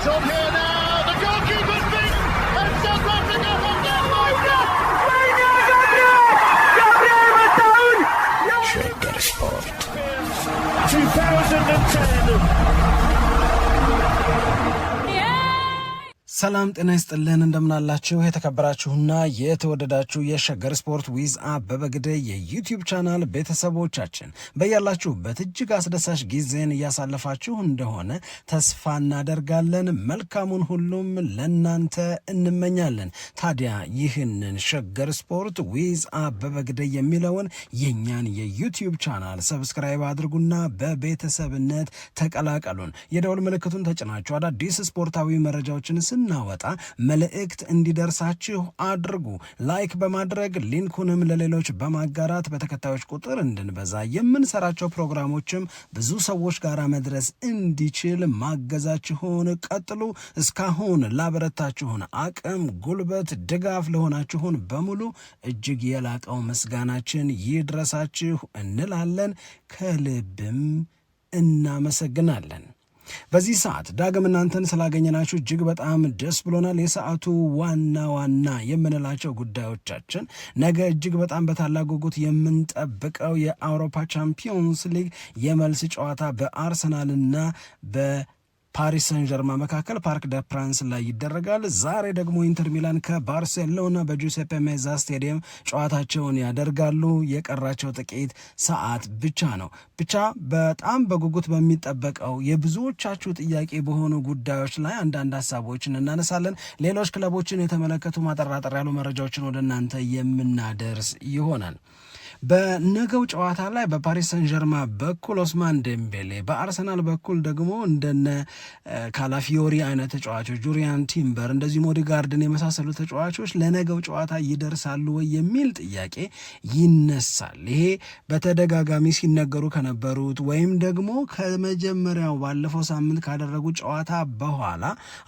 It's on here. ሰላም ጤና ይስጥልን እንደምናላችሁ የተከበራችሁና የተወደዳችሁ የሸገር ስፖርት ዊዝ አበበ ግደይ የዩቲዩብ ቻናል ቤተሰቦቻችን በያላችሁበት እጅግ አስደሳች ጊዜን እያሳለፋችሁ እንደሆነ ተስፋ እናደርጋለን። መልካሙን ሁሉም ለናንተ እንመኛለን። ታዲያ ይህንን ሸገር ስፖርት ዊዝ አበበ ግደይ የሚለውን የእኛን የዩቲዩብ ቻናል ሰብስክራይብ አድርጉና በቤተሰብነት ተቀላቀሉን። የደወል ምልክቱን ተጭናችሁ አዳዲስ ስፖርታዊ መረጃዎችን ስን ስናወጣ መልእክት እንዲደርሳችሁ አድርጉ። ላይክ በማድረግ ሊንኩንም ለሌሎች በማጋራት በተከታዮች ቁጥር እንድንበዛ የምንሰራቸው ፕሮግራሞችም ብዙ ሰዎች ጋር መድረስ እንዲችል ማገዛችሁን ቀጥሉ። እስካሁን ላበረታችሁን አቅም፣ ጉልበት፣ ድጋፍ ለሆናችሁን በሙሉ እጅግ የላቀው ምስጋናችን ይድረሳችሁ እንላለን። ከልብም እናመሰግናለን። በዚህ ሰዓት ዳግም እናንተን ስላገኘናችሁ እጅግ በጣም ደስ ብሎናል። የሰዓቱ ዋና ዋና የምንላቸው ጉዳዮቻችን ነገ እጅግ በጣም በታላቅ ጉጉት የምንጠብቀው የአውሮፓ ቻምፒዮንስ ሊግ የመልስ ጨዋታ በአርሰናልና በ ፓሪስ ሰን ጀርማ መካከል ፓርክ ደ ፕራንስ ላይ ይደረጋል። ዛሬ ደግሞ ኢንተር ሚላን ከባርሴሎና በጁሴፔ ሜዛ ስቴዲየም ጨዋታቸውን ያደርጋሉ። የቀራቸው ጥቂት ሰዓት ብቻ ነው። ብቻ በጣም በጉጉት በሚጠበቀው የብዙዎቻችሁ ጥያቄ በሆኑ ጉዳዮች ላይ አንዳንድ ሀሳቦችን እናነሳለን። ሌሎች ክለቦችን የተመለከቱ ማጠራጠር ያሉ መረጃዎችን ወደ እናንተ የምናደርስ ይሆናል። በነገው ጨዋታ ላይ በፓሪስ ሰን ጀርማ በኩል ኦስማን ደምቤሌ በአርሰናል በኩል ደግሞ እንደነ ካላፊዮሪ አይነት ተጫዋቾች ጁሪያን ቲምበር፣ እንደዚሁም ኦዴጋርድን የመሳሰሉ ተጫዋቾች ለነገው ጨዋታ ይደርሳሉ ወይ የሚል ጥያቄ ይነሳል። ይሄ በተደጋጋሚ ሲነገሩ ከነበሩት ወይም ደግሞ ከመጀመሪያው ባለፈው ሳምንት ካደረጉ ጨዋታ በኋላ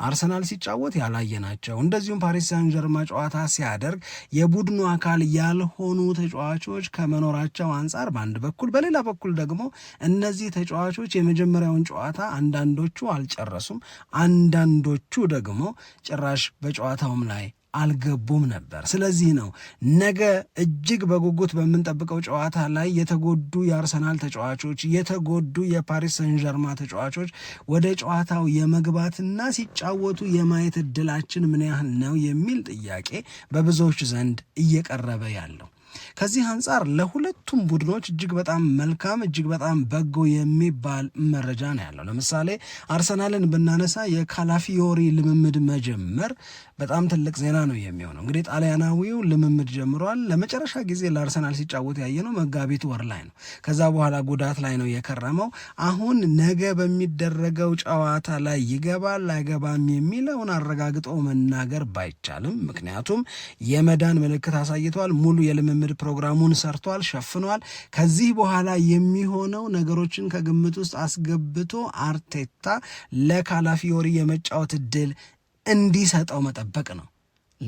አርሰናል ሲጫወት ያላየናቸው እንደዚሁም ፓሪስ ሳን ጀርማ ጨዋታ ሲያደርግ የቡድኑ አካል ያልሆኑ ተጫዋቾች ከመኖራቸው አንጻር በአንድ በኩል፣ በሌላ በኩል ደግሞ እነዚህ ተጫዋቾች የመጀመሪያውን ጨዋታ አንዳንዶቹ አልጨረሱም፣ አንዳንዶቹ ደግሞ ጭራሽ በጨዋታውም ላይ አልገቡም ነበር። ስለዚህ ነው ነገ እጅግ በጉጉት በምንጠብቀው ጨዋታ ላይ የተጎዱ የአርሰናል ተጫዋቾች፣ የተጎዱ የፓሪስ ሰንጀርማ ተጫዋቾች ወደ ጨዋታው የመግባትና ሲጫወቱ የማየት እድላችን ምን ያህል ነው የሚል ጥያቄ በብዙዎች ዘንድ እየቀረበ ያለው። ከዚህ አንጻር ለሁለቱም ቡድኖች እጅግ በጣም መልካም እጅግ በጣም በጎ የሚባል መረጃ ነው ያለው። ለምሳሌ አርሰናልን ብናነሳ የካላፊዮሪ ልምምድ መጀመር በጣም ትልቅ ዜና ነው የሚሆነው። እንግዲህ ጣሊያናዊው ልምምድ ጀምሯል። ለመጨረሻ ጊዜ ለአርሰናል ሲጫወት ያየነው መጋቢት ወር ላይ ነው። ከዛ በኋላ ጉዳት ላይ ነው የከረመው። አሁን ነገ በሚደረገው ጨዋታ ላይ ይገባል አይገባም የሚለውን አረጋግጦ መናገር ባይቻልም፣ ምክንያቱም የመዳን ምልክት አሳይቷል። ሙሉ የልምምድ ልምምድ ፕሮግራሙን ሰርቷል፣ ሸፍኗል። ከዚህ በኋላ የሚሆነው ነገሮችን ከግምት ውስጥ አስገብቶ አርቴታ ለካላፊዮሪ የመጫወት እድል እንዲሰጠው መጠበቅ ነው።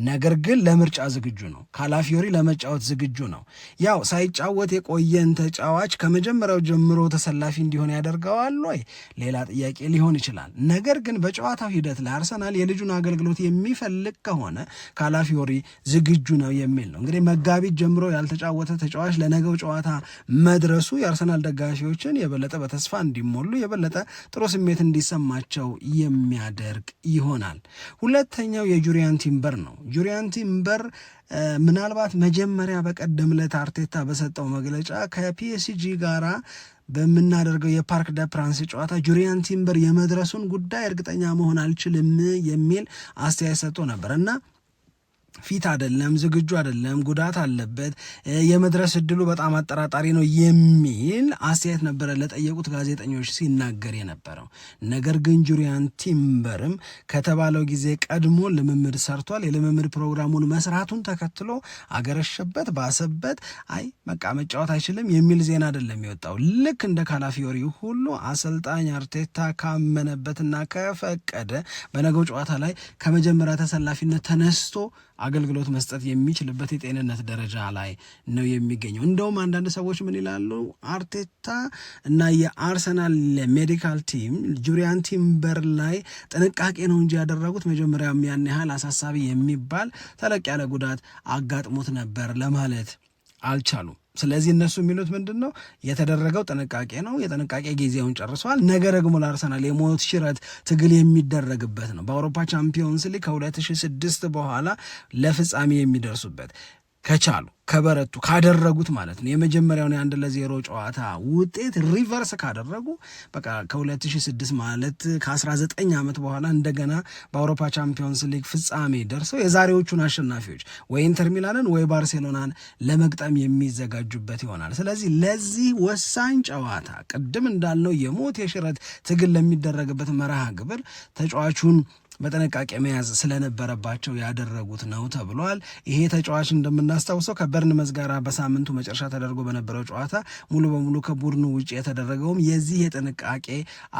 ነገር ግን ለምርጫ ዝግጁ ነው። ካላፊዮሪ ለመጫወት ዝግጁ ነው። ያው ሳይጫወት የቆየን ተጫዋች ከመጀመሪያው ጀምሮ ተሰላፊ እንዲሆን ያደርገዋል ወይ ሌላ ጥያቄ ሊሆን ይችላል። ነገር ግን በጨዋታው ሂደት ላይ አርሰናል የልጁን አገልግሎት የሚፈልግ ከሆነ ካላፊዮሪ ዝግጁ ነው የሚል ነው። እንግዲህ መጋቢት ጀምሮ ያልተጫወተ ተጫዋች ለነገው ጨዋታ መድረሱ የአርሰናል ደጋፊዎችን የበለጠ በተስፋ እንዲሞሉ የበለጠ ጥሩ ስሜት እንዲሰማቸው የሚያደርግ ይሆናል። ሁለተኛው የጁሪያን ቲምበር ነው። ጁሪያን ቲምበር ምናልባት መጀመሪያ በቀደም ዕለት አርቴታ በሰጠው መግለጫ ከፒኤስጂ ጋራ በምናደርገው የፓርክ ደ ፕራንስ ጨዋታ ጁሪያን ቲምበር የመድረሱን ጉዳይ እርግጠኛ መሆን አልችልም የሚል አስተያየት ሰጥቶ ነበር እና ፊት አይደለም፣ ዝግጁ አይደለም፣ ጉዳት አለበት፣ የመድረስ እድሉ በጣም አጠራጣሪ ነው የሚል አስተያየት ነበረ ለጠየቁት ጋዜጠኞች ሲናገር የነበረው። ነገር ግን ጁሪያን ቲምበርም ከተባለው ጊዜ ቀድሞ ልምምድ ሰርቷል። የልምምድ ፕሮግራሙን መስራቱን ተከትሎ አገረሸበት፣ ባሰበት። አይ በቃ መጫወት አይችልም የሚል ዜና አይደለም የወጣው። ልክ እንደ ካላፊዮሪ ሁሉ አሰልጣኝ አርቴታ ካመነበትና ከፈቀደ በነገው ጨዋታ ላይ ከመጀመሪያ ተሰላፊነት ተነስቶ አገልግሎት መስጠት የሚችልበት የጤንነት ደረጃ ላይ ነው የሚገኘው። እንደውም አንዳንድ ሰዎች ምን ይላሉ? አርቴታ እና የአርሰናል ሜዲካል ቲም ጁሪያን ቲምበር ላይ ጥንቃቄ ነው እንጂ ያደረጉት መጀመሪያም ያን ያህል አሳሳቢ የሚባል ተለቅ ያለ ጉዳት አጋጥሞት ነበር ለማለት አልቻሉም። ስለዚህ እነሱ የሚሉት ምንድን ነው? የተደረገው ጥንቃቄ ነው። የጥንቃቄ ጊዜውን ጨርሰዋል። ነገ ደግሞ ለአርሰናል የሞት ሽረት ትግል የሚደረግበት ነው። በአውሮፓ ቻምፒዮንስ ሊግ ከ2006 በኋላ ለፍጻሜ የሚደርሱበት ከቻሉ ከበረቱ ካደረጉት ማለት ነው የመጀመሪያውን የአንድ ለዜሮ ጨዋታ ውጤት ሪቨርስ ካደረጉ በቃ ከ2006 ማለት ከ19 ዓመት በኋላ እንደገና በአውሮፓ ቻምፒዮንስ ሊግ ፍጻሜ ደርሰው የዛሬዎቹን አሸናፊዎች ወይ ኢንተር ሚላንን ወይ ባርሴሎናን ለመግጠም የሚዘጋጁበት ይሆናል። ስለዚህ ለዚህ ወሳኝ ጨዋታ ቅድም እንዳልነው የሞት የሽረት ትግል ለሚደረግበት መርሃ ግብር ተጫዋቹን በጥንቃቄ መያዝ ስለነበረባቸው ያደረጉት ነው ተብሏል። ይሄ ተጫዋች እንደምናስታውሰው ከበርንመዝ ጋር በሳምንቱ መጨረሻ ተደርጎ በነበረው ጨዋታ ሙሉ በሙሉ ከቡድኑ ውጭ የተደረገውም የዚህ የጥንቃቄ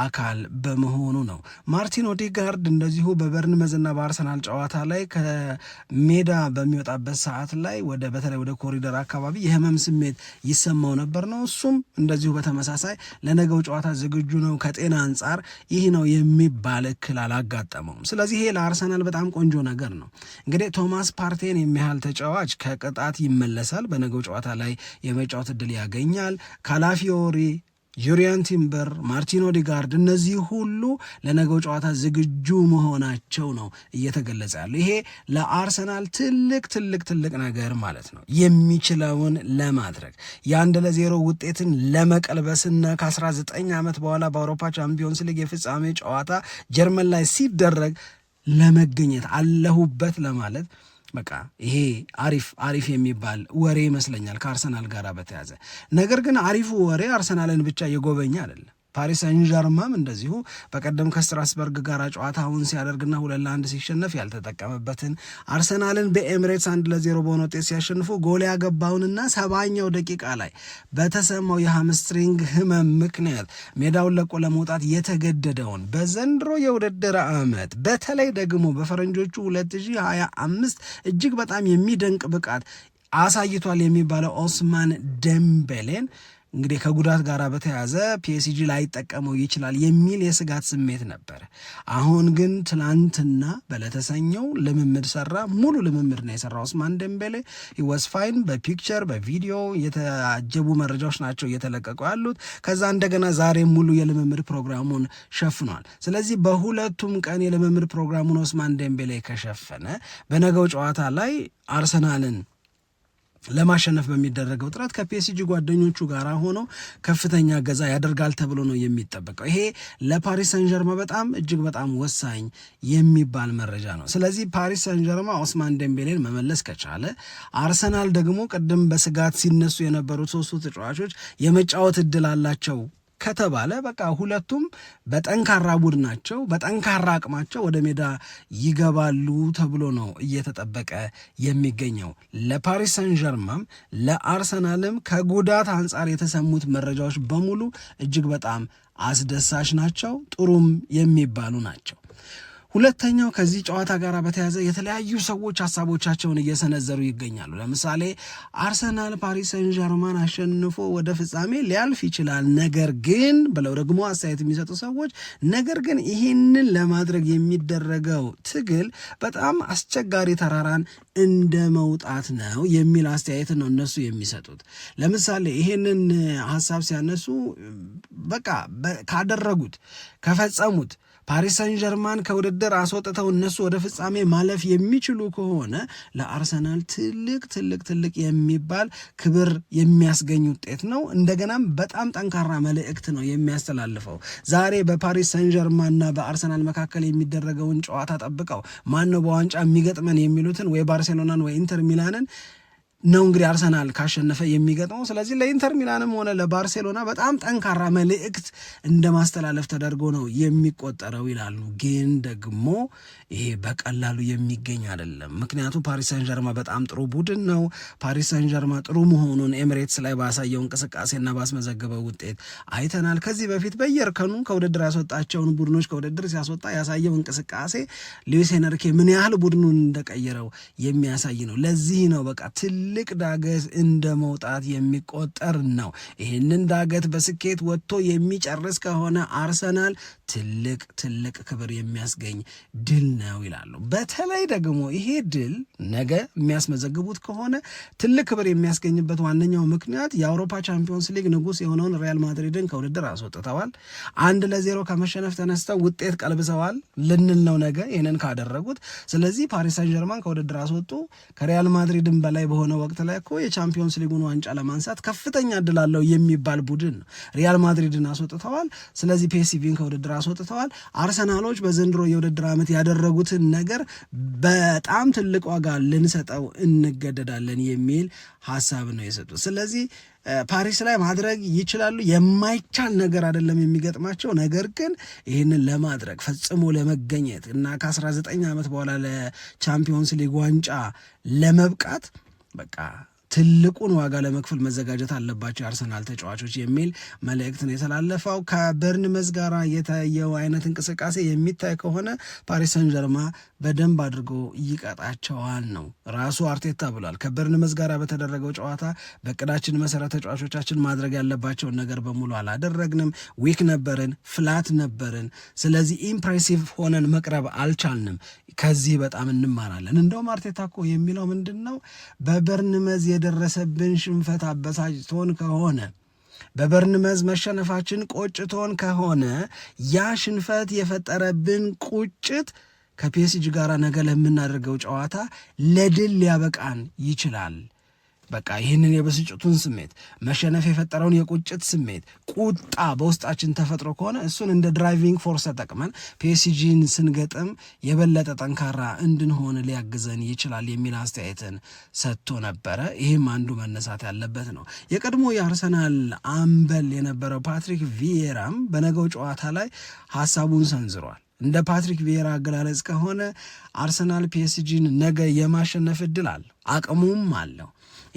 አካል በመሆኑ ነው። ማርቲን ኦዴጋርድ እንደዚሁ በበርንመዝና በአርሰናል ጨዋታ ላይ ከሜዳ በሚወጣበት ሰዓት ላይ ወደ በተለይ ወደ ኮሪደር አካባቢ የህመም ስሜት ይሰማው ነበር ነው እሱም እንደዚሁ በተመሳሳይ ለነገው ጨዋታ ዝግጁ ነው ከጤና አንጻር ይህ ነው የሚባል እክል አላጋጠመውም። ስለዚህ ይሄ ለአርሰናል በጣም ቆንጆ ነገር ነው። እንግዲህ ቶማስ ፓርቴን የሚያህል ተጫዋች ከቅጣት ይመለሳል፣ በነገው ጨዋታ ላይ የመጫወት እድል ያገኛል። ካላፊዮሪ ዩሪያን ቲምበር፣ ማርቲን ኦዲጋርድ እነዚህ ሁሉ ለነገው ጨዋታ ዝግጁ መሆናቸው ነው እየተገለጸ ያለው። ይሄ ለአርሰናል ትልቅ ትልቅ ትልቅ ነገር ማለት ነው። የሚችለውን ለማድረግ የአንድ ለዜሮ ውጤትን ለመቀልበስና ከ19 ዓመት በኋላ በአውሮፓ ቻምፒዮንስ ሊግ የፍጻሜ ጨዋታ ጀርመን ላይ ሲደረግ ለመገኘት አለሁበት ለማለት በቃ ይሄ አሪፍ አሪፍ የሚባል ወሬ ይመስለኛል ከአርሰናል ጋር በተያዘ ነገር ግን አሪፉ ወሬ አርሰናልን ብቻ የጎበኘ አይደለም። ፓሪስ ሰን ዠርማም እንደዚሁ በቀደም ከስትራስበርግ ጋር ጨዋታውን ሲያደርግና ሁለት ለአንድ ሲሸነፍ ያልተጠቀመበትን አርሰናልን በኤምሬትስ አንድ ለዜሮ በሆነ ውጤት ሲያሸንፉ ጎል ያገባውንና ሰባኛው ደቂቃ ላይ በተሰማው የሃምስትሪንግ ህመም ምክንያት ሜዳውን ለቆ ለመውጣት የተገደደውን በዘንድሮ የውድድር ዓመት በተለይ ደግሞ በፈረንጆቹ 2025 እጅግ በጣም የሚደንቅ ብቃት አሳይቷል የሚባለው ኦስማን ደምቤሌን እንግዲህ ከጉዳት ጋር በተያዘ ፒኤስጂ ላይጠቀመው ይችላል የሚል የስጋት ስሜት ነበር አሁን ግን ትናንትና በለተሰኘው ልምምድ ሰራ። ሙሉ ልምምድ ነው የሰራው ኦስማን ደምቤሌ ወስ ፋይን። በፒክቸር በቪዲዮ የተጀቡ መረጃዎች ናቸው እየተለቀቁ ያሉት። ከዛ እንደገና ዛሬ ሙሉ የልምምድ ፕሮግራሙን ሸፍኗል። ስለዚህ በሁለቱም ቀን የልምምድ ፕሮግራሙን ኦስማን ደምቤሌ ከሸፈነ በነገው ጨዋታ ላይ አርሰናልን ለማሸነፍ በሚደረገው ጥረት ከፒኤስጂ ጓደኞቹ ጋር ሆኖ ከፍተኛ እገዛ ያደርጋል ተብሎ ነው የሚጠበቀው። ይሄ ለፓሪስ ሰንጀርማ በጣም እጅግ በጣም ወሳኝ የሚባል መረጃ ነው። ስለዚህ ፓሪስ ሰንጀርማ ኦስማን ደምቤሌን መመለስ ከቻለ፣ አርሰናል ደግሞ ቅድም በስጋት ሲነሱ የነበሩት ሶስቱ ተጫዋቾች የመጫወት እድል አላቸው ከተባለ በቃ ሁለቱም በጠንካራ ቡድናቸው በጠንካራ አቅማቸው ወደ ሜዳ ይገባሉ ተብሎ ነው እየተጠበቀ የሚገኘው። ለፓሪስ ሰን ጀርማም ለአርሰናልም ከጉዳት አንጻር የተሰሙት መረጃዎች በሙሉ እጅግ በጣም አስደሳች ናቸው፣ ጥሩም የሚባሉ ናቸው። ሁለተኛው ከዚህ ጨዋታ ጋር በተያዘ የተለያዩ ሰዎች ሀሳቦቻቸውን እየሰነዘሩ ይገኛሉ። ለምሳሌ አርሰናል ፓሪስ ሰን ዠርማን አሸንፎ ወደ ፍጻሜ ሊያልፍ ይችላል፣ ነገር ግን ብለው ደግሞ አስተያየት የሚሰጡ ሰዎች፣ ነገር ግን ይህንን ለማድረግ የሚደረገው ትግል በጣም አስቸጋሪ ተራራን እንደ መውጣት ነው የሚል አስተያየት ነው እነሱ የሚሰጡት። ለምሳሌ ይህንን ሀሳብ ሲያነሱ በቃ ካደረጉት ከፈጸሙት ፓሪስ ሰን ጀርማን ከውድድር አስወጥተው እነሱ ወደ ፍጻሜ ማለፍ የሚችሉ ከሆነ ለአርሰናል ትልቅ ትልቅ ትልቅ የሚባል ክብር የሚያስገኝ ውጤት ነው። እንደገናም በጣም ጠንካራ መልእክት ነው የሚያስተላልፈው። ዛሬ በፓሪስ ሰን ጀርማንና በአርሰናል መካከል የሚደረገውን ጨዋታ ጠብቀው ማን ነው በዋንጫ የሚገጥመን የሚሉትን ወይ ባርሴሎናን ወይ ኢንተር ሚላንን ነው እንግዲህ አርሰናል ካሸነፈ የሚገጥመው። ስለዚህ ለኢንተር ሚላንም ሆነ ለባርሴሎና በጣም ጠንካራ መልእክት እንደ ማስተላለፍ ተደርጎ ነው የሚቆጠረው ይላሉ። ግን ደግሞ ይሄ በቀላሉ የሚገኝ አይደለም። ምክንያቱም ፓሪስ ሰን ጀርማ በጣም ጥሩ ቡድን ነው። ፓሪስ ሰን ጀርማ ጥሩ መሆኑን ኤምሬትስ ላይ ባሳየው እንቅስቃሴና ባስመዘገበው ውጤት አይተናል። ከዚህ በፊት በየእርከኑ ከውድድር ያስወጣቸውን ቡድኖች ከውድድር ሲያስወጣ ያሳየው እንቅስቃሴ ሉዊስ ኤንሪኬ ምን ያህል ቡድኑን እንደቀየረው የሚያሳይ ነው። ለዚህ ነው በቃ ትል ትልቅ ዳገት እንደ መውጣት የሚቆጠር ነው። ይህንን ዳገት በስኬት ወጥቶ የሚጨርስ ከሆነ አርሰናል ትልቅ ትልቅ ክብር የሚያስገኝ ድል ነው ይላሉ። በተለይ ደግሞ ይሄ ድል ነገ የሚያስመዘግቡት ከሆነ ትልቅ ክብር የሚያስገኝበት ዋነኛው ምክንያት የአውሮፓ ቻምፒዮንስ ሊግ ንጉስ የሆነውን ሪያል ማድሪድን ከውድድር አስወጥተዋል። አንድ ለዜሮ ከመሸነፍ ተነስተው ውጤት ቀልብሰዋል ልንል ነው ነገ ይህንን ካደረጉት። ስለዚህ ፓሪስ ሳን ጀርማን ከውድድር አስወጡ። ከሪያል ማድሪድን በላይ በሆነ ወቅት ላይ እኮ የቻምፒዮንስ ሊጉን ዋንጫ ለማንሳት ከፍተኛ እድል አለው የሚባል ቡድን ነው። ሪያል ማድሪድን አስወጥተዋል። ስለዚህ ፒኤስቪን ከውድድር አስወጥተዋል። አርሰናሎች በዘንድሮ የውድድር ዓመት ያደረጉትን ነገር በጣም ትልቅ ዋጋ ልንሰጠው እንገደዳለን የሚል ሀሳብ ነው የሰጡት። ስለዚህ ፓሪስ ላይ ማድረግ ይችላሉ። የማይቻል ነገር አይደለም የሚገጥማቸው። ነገር ግን ይህንን ለማድረግ ፈጽሞ ለመገኘት እና ከ19 ዓመት በኋላ ለቻምፒዮንስ ሊግ ዋንጫ ለመብቃት በቃ ትልቁን ዋጋ ለመክፈል መዘጋጀት አለባቸው የአርሰናል ተጫዋቾች የሚል መልእክት ነው የተላለፈው። ከበርንመዝ ጋር የታየው አይነት እንቅስቃሴ የሚታይ ከሆነ ፓሪስ ሰን ጀርማ በደንብ አድርጎ ይቀጣቸዋል ነው ራሱ አርቴታ ብሏል። ከበርንመዝ ጋር በተደረገው ጨዋታ በቅዳችን መሰረት ተጫዋቾቻችን ማድረግ ያለባቸውን ነገር በሙሉ አላደረግንም። ዊክ ነበርን፣ ፍላት ነበርን። ስለዚህ ኢምፕሬሲቭ ሆነን መቅረብ አልቻልንም። ከዚህ በጣም እንማራለን። እንደውም አርቴታ እኮ የሚለው ምንድን ነው በበርንመዝ የደረሰብን ሽንፈት አበሳጭቶን ከሆነ በበርንመዝ መሸነፋችን ቆጭቶን ከሆነ ያ ሽንፈት የፈጠረብን ቁጭት ከፒኤስጂ ጋር ነገ ለምናደርገው ጨዋታ ለድል ሊያበቃን ይችላል። በቃ ይህንን የብስጭቱን ስሜት መሸነፍ የፈጠረውን የቁጭት ስሜት ቁጣ በውስጣችን ተፈጥሮ ከሆነ እሱን እንደ ድራይቪንግ ፎርስ ተጠቅመን ፒኤስጂን ስንገጥም የበለጠ ጠንካራ እንድንሆን ሊያግዘን ይችላል የሚል አስተያየትን ሰጥቶ ነበረ። ይህም አንዱ መነሳት ያለበት ነው። የቀድሞ የአርሰናል አምበል የነበረው ፓትሪክ ቪየራም በነገው ጨዋታ ላይ ሀሳቡን ሰንዝሯል። እንደ ፓትሪክ ቪየራ አገላለጽ ከሆነ አርሰናል ፒኤስጂን ነገ የማሸነፍ እድል አለው፣ አቅሙም አለው።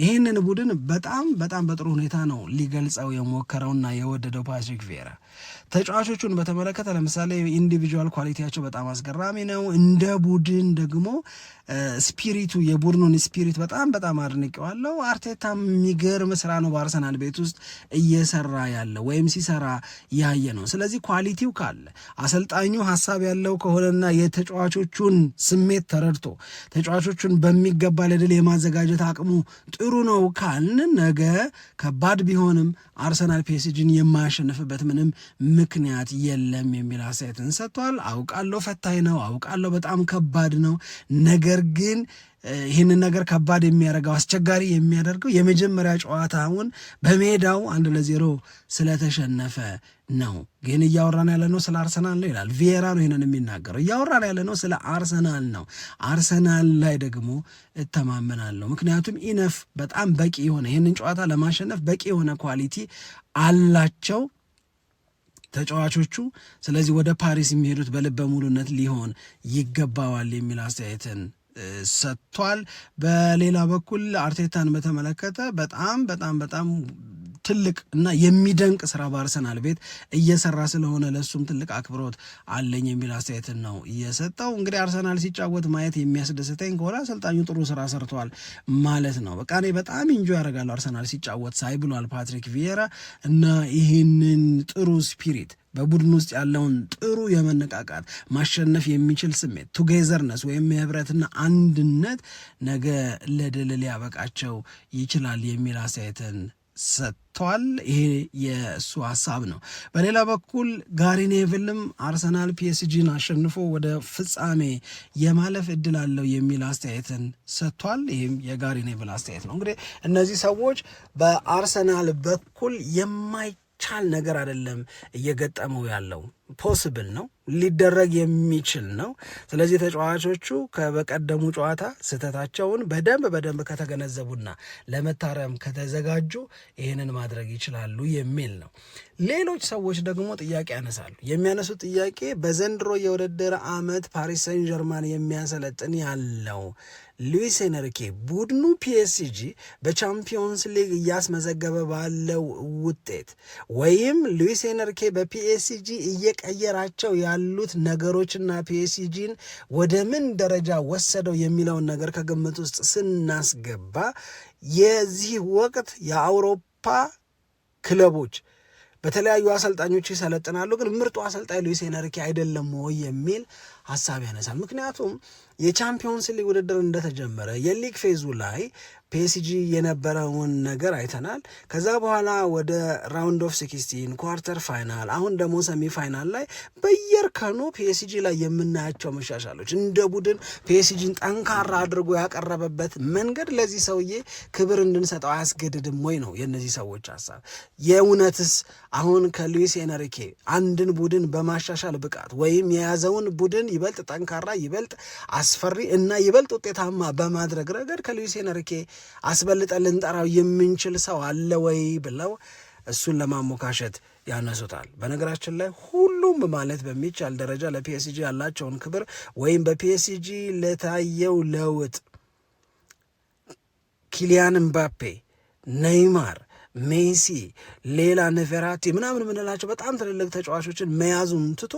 ይህንን ቡድን በጣም በጣም በጥሩ ሁኔታ ነው ሊገልጸው የሞከረውና የወደደው ፓትሪክ ቬራ ተጫዋቾቹን በተመለከተ ለምሳሌ ኢንዲቪጁዋል ኳሊቲያቸው በጣም አስገራሚ ነው። እንደ ቡድን ደግሞ ስፒሪቱ የቡድኑን ስፒሪት በጣም በጣም አድንቀዋለሁ። አርቴታ የሚገርም ስራ ነው በአርሰናል ቤት ውስጥ እየሰራ ያለ ወይም ሲሰራ ያየ ነው። ስለዚህ ኳሊቲው ካለ አሰልጣኙ ሀሳብ ያለው ከሆነና የተጫዋቾቹን ስሜት ተረድቶ ተጫዋቾቹን በሚገባ ለድል የማዘጋጀት አቅሙ ጥሩ ነው ካልን ነገ ከባድ ቢሆንም አርሰናል ፒኤስጂን የማያሸንፍበት ምንም ምክንያት የለም የሚል አስተያየትን ሰጥቷል። አውቃለሁ ፈታኝ ነው፣ አውቃለሁ በጣም ከባድ ነው። ነገር ግን ይህንን ነገር ከባድ የሚያደርገው አስቸጋሪ የሚያደርገው የመጀመሪያ ጨዋታውን በሜዳው አንድ ለዜሮ ስለተሸነፈ ነው። ግን እያወራን ያለ ነው ስለ አርሰናል ነው ይላል። ቪዬራ ነው ይህንን የሚናገረው። እያወራን ያለ ነው ስለ አርሰናል ነው። አርሰናል ላይ ደግሞ እተማመናለሁ። ምክንያቱም ኢነፍ በጣም በቂ የሆነ ይህንን ጨዋታ ለማሸነፍ በቂ የሆነ ኳሊቲ አላቸው ተጫዋቾቹ ስለዚህ ወደ ፓሪስ የሚሄዱት በልበ ሙሉነት ሊሆን ይገባዋል የሚል አስተያየትን ሰጥቷል። በሌላ በኩል አርቴታን በተመለከተ በጣም በጣም በጣም ትልቅ እና የሚደንቅ ስራ በአርሰናል ቤት እየሰራ ስለሆነ ለሱም ትልቅ አክብሮት አለኝ የሚል አስተያየትን ነው እየሰጠው። እንግዲህ አርሰናል ሲጫወት ማየት የሚያስደስተኝ ከሆነ አሰልጣኙ ጥሩ ስራ ሰርተዋል ማለት ነው። በቃ እኔ በጣም እንጆ ያደርጋለሁ አርሰናል ሲጫወት ሳይ ብሏል ፓትሪክ ቪየራ እና ይህንን ጥሩ ስፒሪት በቡድን ውስጥ ያለውን ጥሩ የመነቃቃት ማሸነፍ የሚችል ስሜት ቱጌዘርነስ ወይም የህብረትና አንድነት ነገ ለድል ሊያበቃቸው ይችላል የሚል አስተያየትን ሰጥቷል። ይሄ የእሱ ሀሳብ ነው። በሌላ በኩል ጋሪ ኔቭልም አርሰናል ፒኤስጂን አሸንፎ ወደ ፍጻሜ የማለፍ እድል አለው የሚል አስተያየትን ሰጥቷል። ይህም የጋሪ ኔቭል አስተያየት ነው። እንግዲህ እነዚህ ሰዎች በአርሰናል በኩል የማይ የሚቻል ነገር አይደለም እየገጠመው ያለው ፖስብል ነው፣ ሊደረግ የሚችል ነው። ስለዚህ ተጫዋቾቹ ከበቀደሙ ጨዋታ ስህተታቸውን በደንብ በደንብ ከተገነዘቡና ለመታረም ከተዘጋጁ ይህንን ማድረግ ይችላሉ የሚል ነው። ሌሎች ሰዎች ደግሞ ጥያቄ ያነሳሉ። የሚያነሱ ጥያቄ በዘንድሮ የውድድር ዓመት ፓሪስ ሰን ጀርማን የሚያሰለጥን ያለው ሉዊስ ኤንሪኬ ቡድኑ ፒኤስጂ በቻምፒዮንስ ሊግ እያስመዘገበ ባለው ውጤት ወይም ሉዊስ ኤንሪኬ በፒኤስጂ እየቀየራቸው ያሉት ነገሮችና ፒኤስጂን ወደ ምን ደረጃ ወሰደው የሚለውን ነገር ከግምት ውስጥ ስናስገባ የዚህ ወቅት የአውሮፓ ክለቦች በተለያዩ አሰልጣኞች ይሰለጥናሉ፣ ግን ምርጡ አሰልጣኝ ሉዊስ ኤንሪኬ አይደለም ወይ የሚል ሀሳብ ያነሳል። ምክንያቱም የቻምፒዮንስ ሊግ ውድድር እንደተጀመረ የሊግ ፌዙ ላይ ፒኤስጂ የነበረውን ነገር አይተናል። ከዛ በኋላ ወደ ራውንድ ኦፍ ሲክስቲን፣ ኳርተር ፋይናል፣ አሁን ደግሞ ሰሚ ፋይናል ላይ በየርከኑ ፒኤስጂ ላይ የምናያቸው መሻሻሎች እንደ ቡድን ፒኤስጂን ጠንካራ አድርጎ ያቀረበበት መንገድ ለዚህ ሰውዬ ክብር እንድንሰጠው አያስገድድም ወይ ነው የእነዚህ ሰዎች ሀሳብ። የእውነትስ አሁን ከሉዊስ ኤነሪኬ አንድን ቡድን በማሻሻል ብቃት ወይም የያዘውን ቡድን ይበልጥ ጠንካራ፣ ይበልጥ አስፈሪ እና ይበልጥ ውጤታማ በማድረግ ረገድ ከሉዊስ ኤንሪኬ አስበልጠን ልንጠራው የምንችል ሰው አለ ወይ ብለው እሱን ለማሞካሸት ያነሱታል። በነገራችን ላይ ሁሉም ማለት በሚቻል ደረጃ ለፒኤስጂ ያላቸውን ክብር ወይም በፒኤስጂ ለታየው ለውጥ ኪሊያን ምባፔ፣ ነይማር፣ ሜሲ፣ ሌላ ነቬራቲ ምናምን የምንላቸው በጣም ትልልቅ ተጫዋቾችን መያዙን ትቶ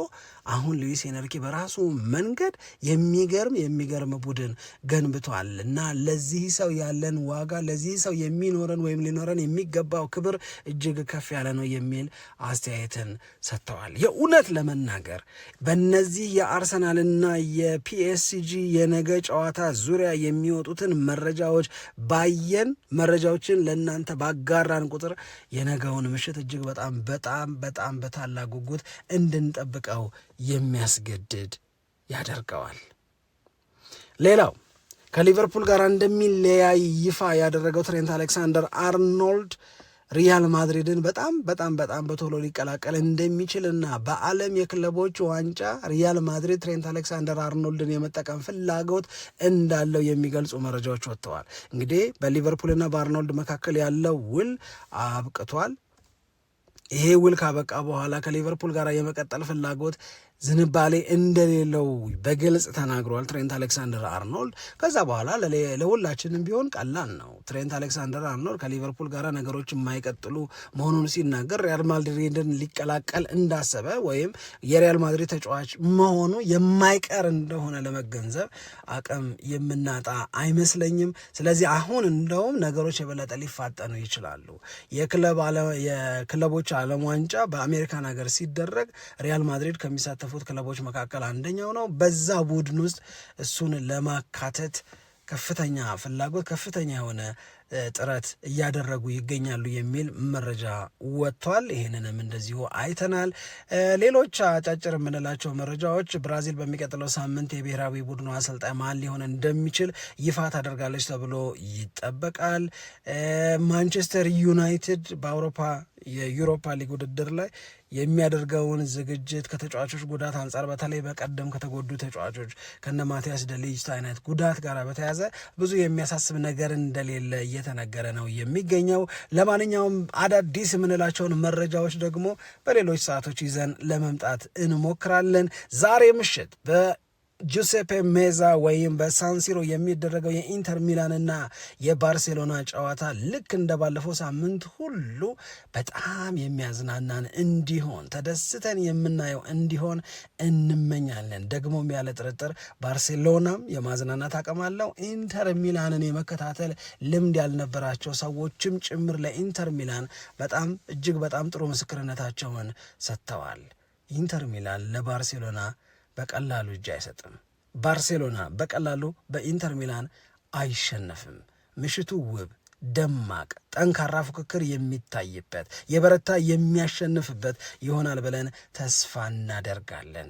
አሁን ሉዊስ ኤንሪኬ በራሱ መንገድ የሚገርም የሚገርም ቡድን ገንብቷል እና ለዚህ ሰው ያለን ዋጋ ለዚህ ሰው የሚኖረን ወይም ሊኖረን የሚገባው ክብር እጅግ ከፍ ያለ ነው የሚል አስተያየትን ሰጥተዋል። የእውነት ለመናገር በነዚህ የአርሰናልና የፒኤስጂ የነገ ጨዋታ ዙሪያ የሚወጡትን መረጃዎች ባየን መረጃዎችን ለእናንተ ባጋራን ቁጥር የነገውን ምሽት እጅግ በጣም በጣም በጣም በታላቅ ጉጉት እንድንጠብቀው የሚያስገድድ ያደርገዋል። ሌላው ከሊቨርፑል ጋር እንደሚለያይ ይፋ ያደረገው ትሬንት አሌክሳንደር አርኖልድ ሪያል ማድሪድን በጣም በጣም በጣም በቶሎ ሊቀላቀል እንደሚችል እና በዓለም የክለቦች ዋንጫ ሪያል ማድሪድ ትሬንት አሌክሳንደር አርኖልድን የመጠቀም ፍላጎት እንዳለው የሚገልጹ መረጃዎች ወጥተዋል። እንግዲህ በሊቨርፑልና በአርኖልድ መካከል ያለው ውል አብቅቷል። ይሄ ውል ካበቃ በኋላ ከሊቨርፑል ጋር የመቀጠል ፍላጎት ዝንባሌ እንደሌለው በግልጽ ተናግሯል ትሬንት አሌክሳንደር አርኖልድ። ከዛ በኋላ ለሁላችንም ቢሆን ቀላል ነው። ትሬንት አሌክሳንደር አርኖልድ ከሊቨርፑል ጋር ነገሮች የማይቀጥሉ መሆኑን ሲናገር ሪያል ማድሪድን ሊቀላቀል እንዳሰበ ወይም የሪያል ማድሪድ ተጫዋች መሆኑ የማይቀር እንደሆነ ለመገንዘብ አቅም የምናጣ አይመስለኝም። ስለዚህ አሁን እንደውም ነገሮች የበለጠ ሊፋጠኑ ይችላሉ። የክለቦች ዓለም ዋንጫ በአሜሪካን ሀገር ሲደረግ ሪያል ማድሪድ ከሚሳተፉ ከተሳተፉት ክለቦች መካከል አንደኛው ነው። በዛ ቡድን ውስጥ እሱን ለማካተት ከፍተኛ ፍላጎት ከፍተኛ የሆነ ጥረት እያደረጉ ይገኛሉ የሚል መረጃ ወጥቷል። ይህንንም እንደዚሁ አይተናል። ሌሎች አጫጭር የምንላቸው መረጃዎች ብራዚል በሚቀጥለው ሳምንት የብሔራዊ ቡድኑ አሰልጣኝ ማን ሊሆን እንደሚችል ይፋ ታደርጋለች ተብሎ ይጠበቃል። ማንቸስተር ዩናይትድ በአውሮፓ የዩሮፓ ሊግ ውድድር ላይ የሚያደርገውን ዝግጅት ከተጫዋቾች ጉዳት አንጻር በተለይ በቀደም ከተጎዱ ተጫዋቾች ከነ ማቲያስ ደሊጅት አይነት ጉዳት ጋር በተያያዘ ብዙ የሚያሳስብ ነገር እንደሌለ እየተነገረ ነው የሚገኘው። ለማንኛውም አዳዲስ የምንላቸውን መረጃዎች ደግሞ በሌሎች ሰዓቶች ይዘን ለመምጣት እንሞክራለን። ዛሬ ምሽት በ ጁሴፔ ሜዛ ወይም በሳንሲሮ የሚደረገው የኢንተር ሚላንና የባርሴሎና ጨዋታ ልክ እንደ ባለፈው ሳምንት ሁሉ በጣም የሚያዝናናን እንዲሆን ተደስተን የምናየው እንዲሆን እንመኛለን። ደግሞም ያለ ጥርጥር ባርሴሎናም የማዝናናት አቅም አለው። ኢንተር ሚላንን የመከታተል ልምድ ያልነበራቸው ሰዎችም ጭምር ለኢንተር ሚላን በጣም እጅግ በጣም ጥሩ ምስክርነታቸውን ሰጥተዋል። ኢንተር ሚላን ለባርሴሎና በቀላሉ እጅ አይሰጥም። ባርሴሎና በቀላሉ በኢንተር ሚላን አይሸነፍም። ምሽቱ ውብ፣ ደማቅ፣ ጠንካራ ፉክክር የሚታይበት የበረታ የሚያሸንፍበት ይሆናል ብለን ተስፋ እናደርጋለን።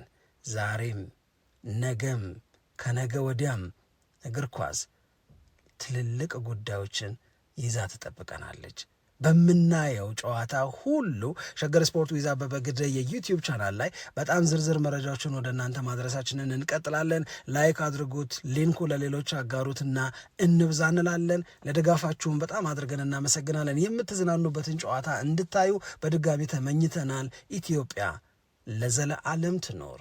ዛሬም ነገም ከነገ ወዲያም እግር ኳስ ትልልቅ ጉዳዮችን ይዛ ትጠብቀናለች። በምናየው ጨዋታ ሁሉ ሸገር ስፖርት ዊዝ አበበ ግደይ የዩቲዩብ ቻናል ላይ በጣም ዝርዝር መረጃዎችን ወደ እናንተ ማድረሳችንን እንቀጥላለን። ላይክ አድርጉት፣ ሊንኩ ለሌሎች አጋሩትና እንብዛ እንላለን። ለድጋፋችሁም በጣም አድርገን እናመሰግናለን። የምትዝናኑበትን ጨዋታ እንድታዩ በድጋሚ ተመኝተናል። ኢትዮጵያ ለዘለዓለም ትኖር።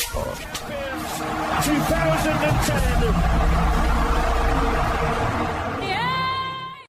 2010